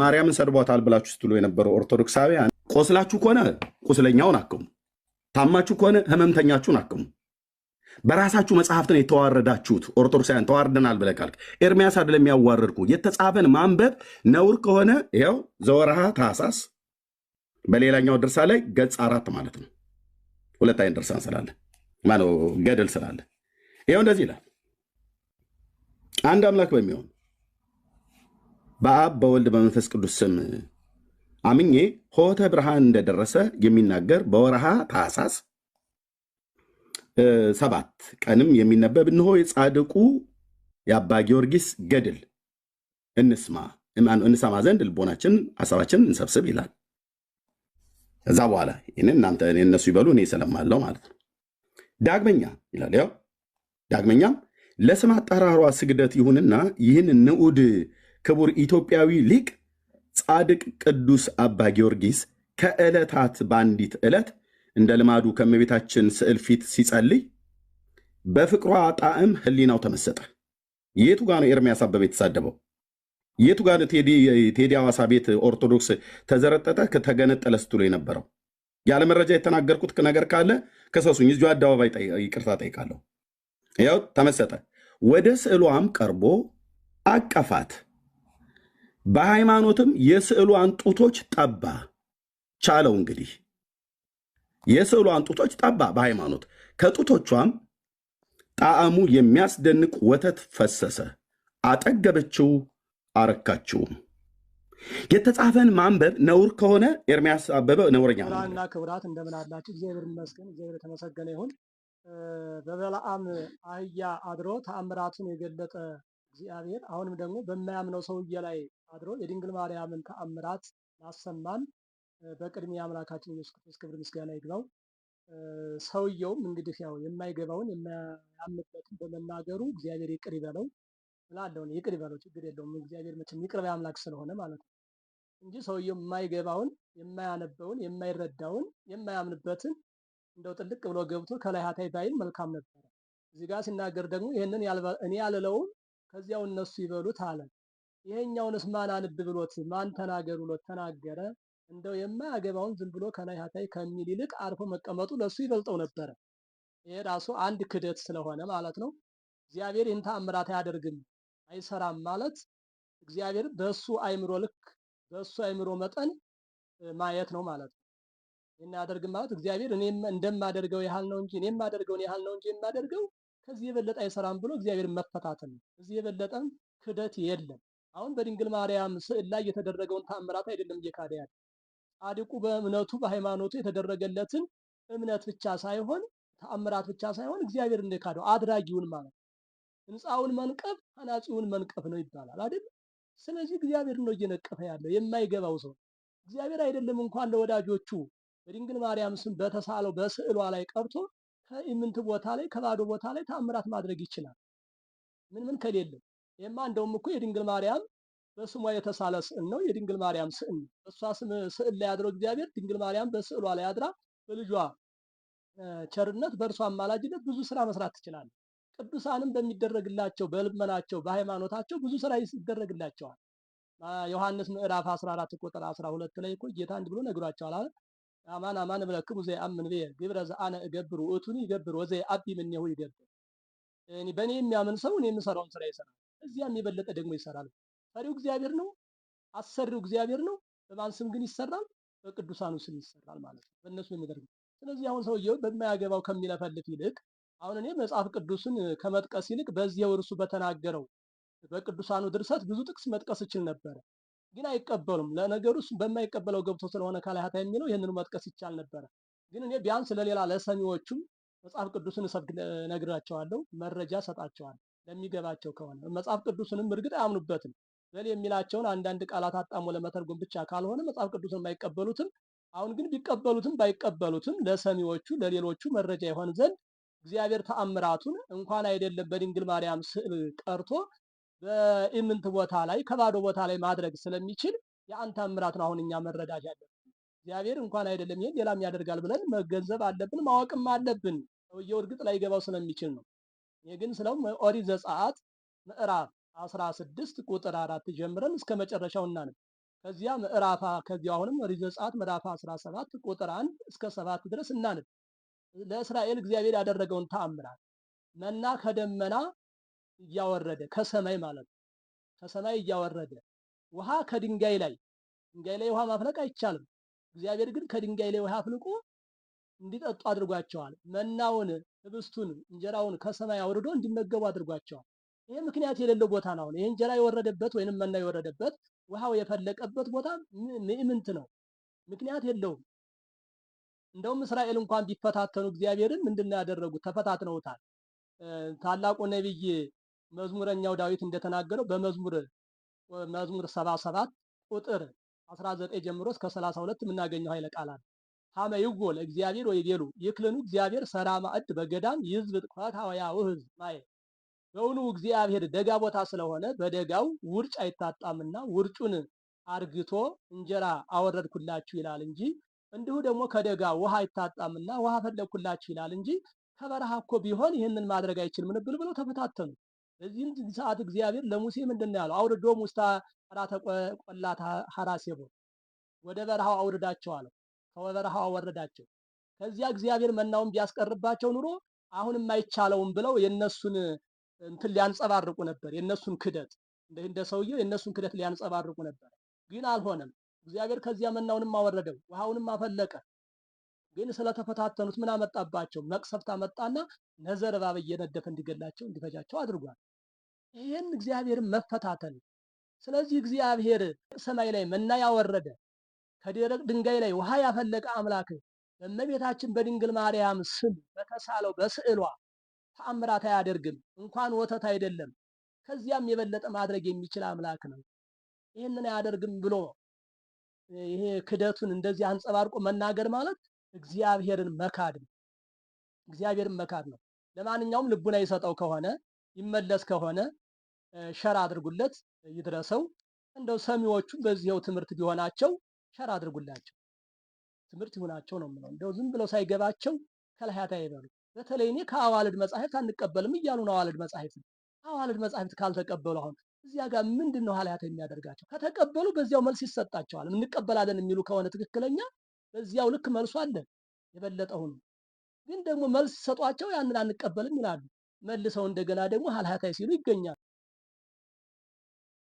ማርያምን ሰድቧታል ብላችሁ ስትሉ የነበሩ ኦርቶዶክሳውያን ቆስላችሁ ከሆነ ቁስለኛውን አክሙ፣ ታማችሁ ከሆነ ህመምተኛችሁን አክሙ። በራሳችሁ መጽሐፍትን የተዋረዳችሁት ኦርቶዶክሳውያን ተዋርደናል ብለህ ካልክ ኤርሚያስ አይደለም ያዋረድኩ። የተጻፈን ማንበብ ነውር ከሆነ ይኸው ዘወርሃ ታህሳስ በሌላኛው ድርሳ ላይ ገጽ አራት ማለት ነው። ሁለት አይነት ድርሳን ስላለ ገድል ስላለ ይኸው እንደዚህ ይላል አንድ አምላክ በሚሆን በአብ በወልድ በመንፈስ ቅዱስ ስም አምኜ ሆተ ብርሃን እንደደረሰ የሚናገር በወርሃ ታኅሳስ ሰባት ቀንም የሚነበብ እንሆ የጻድቁ የአባ ጊዮርጊስ ገድል እንስማ እንሰማ ዘንድ ልቦናችን ሀሳባችን እንሰብስብ ይላል። እዛ በኋላ ይህን እናንተ እነሱ ይበሉ እኔ ስለማለው ማለት ነው። ዳግመኛ ይላል ያው ዳግመኛም ለስም አጠራሯ ስግደት ይሁንና ይህን ንዑድ ክቡር ኢትዮጵያዊ ሊቅ ጻድቅ ቅዱስ አባ ጊዮርጊስ ከዕለታት በአንዲት ዕለት እንደ ልማዱ ከእመቤታችን ስዕል ፊት ሲጸልይ በፍቅሯ ጣዕም ህሊናው ተመሰጠ። የቱ ጋ ነው ኤርሚያስ አበበ የተሳደበው? የቱ ጋ ነው ቴዲ አዋሳ ቤት ኦርቶዶክስ ተዘረጠጠ ከተገነጠለ ስትሎ የነበረው? ያለ መረጃ የተናገርኩት ነገር ካለ ከሰሱኝ። እዚሁ አደባባይ ይቅርታ ጠይቃለሁ። ያው ተመሰጠ። ወደ ስዕሏም ቀርቦ አቀፋት። በሃይማኖትም የስዕሏን ጡቶች ጠባ። ቻለው እንግዲህ የስዕሏን ጡቶች ጠባ በሃይማኖት ከጡቶቿም ጣዕሙ የሚያስደንቅ ወተት ፈሰሰ። አጠገበችው፣ አረካችውም። የተጻፈን ማንበብ ነውር ከሆነ ኤርሚያስ አበበ ነውረኛ ነው። ክብራት እንደምን አላችሁ? እግዚአብሔር ይመስገን፣ እግዚአብሔር የተመሰገነ ይሁን። በበለዓም አህያ አድሮ ተአምራቱን የገለጠ እግዚአብሔር አሁንም ደግሞ በማያምነው ሰውዬ ላይ አድሮ የድንግል ማርያምን ተአምራት ላሰማን በቅድሚያ አምላካችን ኢየሱስ ክርስቶስ ክብር ምስጋና ይግባው። ሰውየውም እንግዲህ ያው የማይገባውን የማያምንበትን በመናገሩ እግዚአብሔር ይቅር ይበለው እላለሁ። ይቅር ይበለው ችግር የለውም። እግዚአብሔር መቼም ይቅር ባይ አምላክ ስለሆነ ማለት ነው እንጂ ሰውየው የማይገባውን የማያነበውን የማይረዳውን የማያምንበትን እንደው ጥልቅ ብሎ ገብቶ ከላይ ሀታይ ባይል መልካም ነበረ። እዚህ ጋር ሲናገር ደግሞ ይህንን እኔ ያልለውም ከዚያው እነሱ ይበሉት አለ። ይሄኛውንስ ማን አንብ ብሎት ማን ተናገር ብሎት ተናገረ? እንደው የማያገባውን ዝም ብሎ ከላይ ሀታይ ከሚል ይልቅ አርፎ መቀመጡ ለሱ ይበልጠው ነበረ። ይሄ ራሱ አንድ ክደት ስለሆነ ማለት ነው። እግዚአብሔር ይህን ተአምራት አያደርግም አይሰራም ማለት እግዚአብሔር በሱ አይምሮ ልክ በሱ አይምሮ መጠን ማየት ነው ማለት ነው። ይህን አያደርግም ማለት እግዚአብሔር እኔም እንደማደርገው ያህል ነው እንጂ እኔም የማደርገውን ያህል ነው እንጂ የማደርገው ከዚህ የበለጠ አይሰራም ብሎ እግዚአብሔር መፈታተን ነው። ከዚህ የበለጠም ክደት የለም። አሁን በድንግል ማርያም ስዕል ላይ የተደረገውን ተአምራት አይደለም እየካደ ያለ ጻድቁ በእምነቱ በሃይማኖቱ የተደረገለትን እምነት ብቻ ሳይሆን ተአምራት ብቻ ሳይሆን እግዚአብሔር እንደካደው አድራጊውን ማለት ህንፃውን መንቀፍ አናጺውን መንቀፍ ነው ይባላል አይደል? ስለዚህ እግዚአብሔር ነው እየነቀፈ ያለው የማይገባው ሰው እግዚአብሔር አይደለም እንኳን ለወዳጆቹ በድንግል ማርያም ስም በተሳለው በስዕሏ ላይ ቀርቶ ኢምንት ቦታ ላይ ከባዶ ቦታ ላይ ተአምራት ማድረግ ይችላል። ምን ምን ከሌለው ይህማ እንደውም እኮ የድንግል ማርያም በስሟ የተሳለ ስዕል ነው። የድንግል ማርያም ስዕል ነው። በእሷ ስም ስዕል ላይ ያድረው እግዚአብሔር ድንግል ማርያም በስዕሏ ላይ አድራ በልጇ ቸርነት በእርሷ አማላጅነት ብዙ ስራ መስራት ትችላለች። ቅዱሳንም በሚደረግላቸው በልመናቸው በሃይማኖታቸው ብዙ ስራ ይደረግላቸዋል። ዮሐንስ ምዕራፍ 14 ቁጥር 12 ላይ እኮ ጌታ እንዲህ ብሎ ነግሯቸዋል። አማን አማን ብለ እምለክሙ ዘይአምን ብየ ግብረ ዘአነ እገብር ውእቱኒ ይገብር ወዘይአቢ እምኔሁ ይገብር። በእኔ የሚያምን ሰው እኔ የምሰራውን ስራ ይሰራል፣ እዚያም የሚበለጠ ደግሞ ይሰራል። ፈሪው እግዚአብሔር ነው፣ አሰሪው እግዚአብሔር ነው። በማን ስም ግን ይሰራል? በቅዱሳኑ ስም ይሰራል ማለት ነው፣ በእነሱ የሚደርገው። ስለዚህ አሁን ሰውየው በማያገባው ከሚለፈልፍ ይልቅ አሁን እኔ መጽሐፍ ቅዱስን ከመጥቀስ ይልቅ በዚያው እርሱ በተናገረው በቅዱሳኑ ድርሰት ብዙ ጥቅስ መጥቀስ እችል ነበረ። ግን አይቀበሉም። ለነገሩ እሱ በማይቀበለው ገብቶ ስለሆነ ካላያታ የሚለው ይህንኑ መጥቀስ ይቻል ነበረ። ግን እኔ ቢያንስ ለሌላ ለሰሚዎቹም መጽሐፍ ቅዱስን እሰብክ ነግራቸዋለሁ፣ መረጃ ሰጣቸዋል ለሚገባቸው ከሆነ መጽሐፍ ቅዱስንም እርግጥ አያምኑበትም በል የሚላቸውን አንዳንድ ቃላት አጣሞ ለመተርጎም ብቻ ካልሆነ መጽሐፍ ቅዱስን የማይቀበሉትም። አሁን ግን ቢቀበሉትም ባይቀበሉትም ለሰሚዎቹ ለሌሎቹ መረጃ ይሆን ዘንድ እግዚአብሔር ተአምራቱን እንኳን አይደለም በድንግል ማርያም ስዕል ቀርቶ በኢምንት ቦታ ላይ ከባዶ ቦታ ላይ ማድረግ ስለሚችል የአንተ አምራት ነው አሁን እኛ መረዳት ያለብን። እግዚአብሔር እንኳን አይደለም ይሄን ሌላም ያደርጋል ብለን መገንዘብ አለብን፣ ማወቅም አለብን። ሰውየው እርግጥ ላይ ገባው ስለሚችል ነው። ይህ ግን ስለው ኦሪት ዘጸአት ምዕራፍ 16 ቁጥር 4 ጀምረን እስከ መጨረሻው እናነብ። ከዚያ ምዕራፍ ከዚያ አሁንም ኦሪት ዘጸአት ምዕራፍ 17 ቁጥር 1 እስከ 7 ድረስ እናነብ። ለእስራኤል እግዚአብሔር ያደረገውን ተአምራት መና ከደመና እያወረደ ከሰማይ ማለት ነው። ከሰማይ እያወረደ ውሃ ከድንጋይ ላይ ድንጋይ ላይ ውሃ ማፍለቅ አይቻልም። እግዚአብሔር ግን ከድንጋይ ላይ ውሃ አፍልቆ እንዲጠጡ አድርጓቸዋል። መናውን፣ ህብስቱን፣ እንጀራውን ከሰማይ አውርዶ እንዲመገቡ አድርጓቸዋል። ይህ ምክንያት የሌለው ቦታ ነው። ይህ እንጀራ የወረደበት ወይንም መና የወረደበት ውሃው የፈለቀበት ቦታ ምእምንት ነው። ምክንያት የለውም። እንደውም እስራኤል እንኳን ቢፈታተኑ እግዚአብሔርን ምንድን ነው ያደረጉት? ተፈታትነውታል። ታላቁ ነቢይ መዝሙረኛው ዳዊት እንደተናገረው በመዝሙር መዝሙር 77 ቁጥር 19 ጀምሮ እስከ 32 የምናገኘው ኃይለ ቃላት ሀመ እግዚአብሔር ወይ ወይቤሉ ይክልኑ እግዚአብሔር ሰራ ማዕድ በገዳም ይዝብ ጥፋት ሐዋያው ማየ በውኑ እግዚአብሔር ደጋ ቦታ ስለሆነ በደጋው ውርጭ አይታጣምና ውርጩን አርግቶ እንጀራ አወረድኩላችሁ ይላል እንጂ እንዲሁ ደግሞ ከደጋ ውሃ አይታጣምና ውሃ ፈለግኩላችሁ ይላል እንጂ ከበረሃ እኮ ቢሆን ይህንን ማድረግ አይችልም ነበር ብለው ተፈታተኑ። በዚህም ሰዓት እግዚአብሔር ለሙሴ ምንድን ነው ያለው? አውርዶም ውስተ ቀራተ ቆላተ ሐራሴቦ ወደ በረሃው አውርዳቸው አለው። ከበረሃው አወረዳቸው። ከዚያ እግዚአብሔር መናውን ቢያስቀርባቸው ኑሮ አሁንም አይቻለውም ብለው የነሱን እንትን ሊያንጸባርቁ ነበር። የነሱን ክደት እንደ ሰውየው የነሱን ክደት ሊያንጸባርቁ ነበር፣ ግን አልሆነም። እግዚአብሔር ከዚያ መናውንም አወረደው፣ ውሃውንም አፈለቀ። ግን ስለተፈታተኑት ምን አመጣባቸው? መቅሰፍት አመጣና ነዘር እባብ እየነደፈ እንዲገላቸው እንዲፈጃቸው አድርጓል። ይህን እግዚአብሔርን መፈታተን። ስለዚህ እግዚአብሔር ሰማይ ላይ መና ያወረደ ከደረቅ ድንጋይ ላይ ውሃ ያፈለቀ አምላክ በእመቤታችን በድንግል ማርያም ስም በተሳለው በስዕሏ ተአምራት አያደርግም? እንኳን ወተት አይደለም ከዚያም የበለጠ ማድረግ የሚችል አምላክ ነው። ይህንን አያደርግም ብሎ ይሄ ክደቱን እንደዚህ አንጸባርቆ መናገር ማለት እግዚአብሔርን መካድ ነው። እግዚአብሔርን መካድ ነው። ለማንኛውም ልቡና ይሰጠው ከሆነ ይመለስ ከሆነ ሸር አድርጉለት፣ ይድረሰው። እንደው ሰሚዎቹ በዚህው ትምህርት ቢሆናቸው ሸር አድርጉላቸው፣ ትምህርት ይሆናቸው ነው የምለው። እንደው ዝም ብለው ሳይገባቸው ከላያታ ይበሉ። በተለይ እኔ ከአዋልድ መጻሕፍት አንቀበልም እያሉ ነው። አዋልድ መጻሕፍት አዋልድ መጻሕፍት ካልተቀበሉ አሁን እዚያ ጋር ምንድን ነው የሚያደርጋቸው? ከተቀበሉ በዚያው መልስ ይሰጣቸዋል። እንቀበላለን የሚሉ ከሆነ ትክክለኛ በዚያው ልክ መልሶ አለ የበለጠውን ግን ደግሞ መልስ ሰጧቸው ያንን አንቀበልም ይላሉ። መልሰው እንደገና ደግሞ ሀልሃታይ ሲሉ ይገኛል።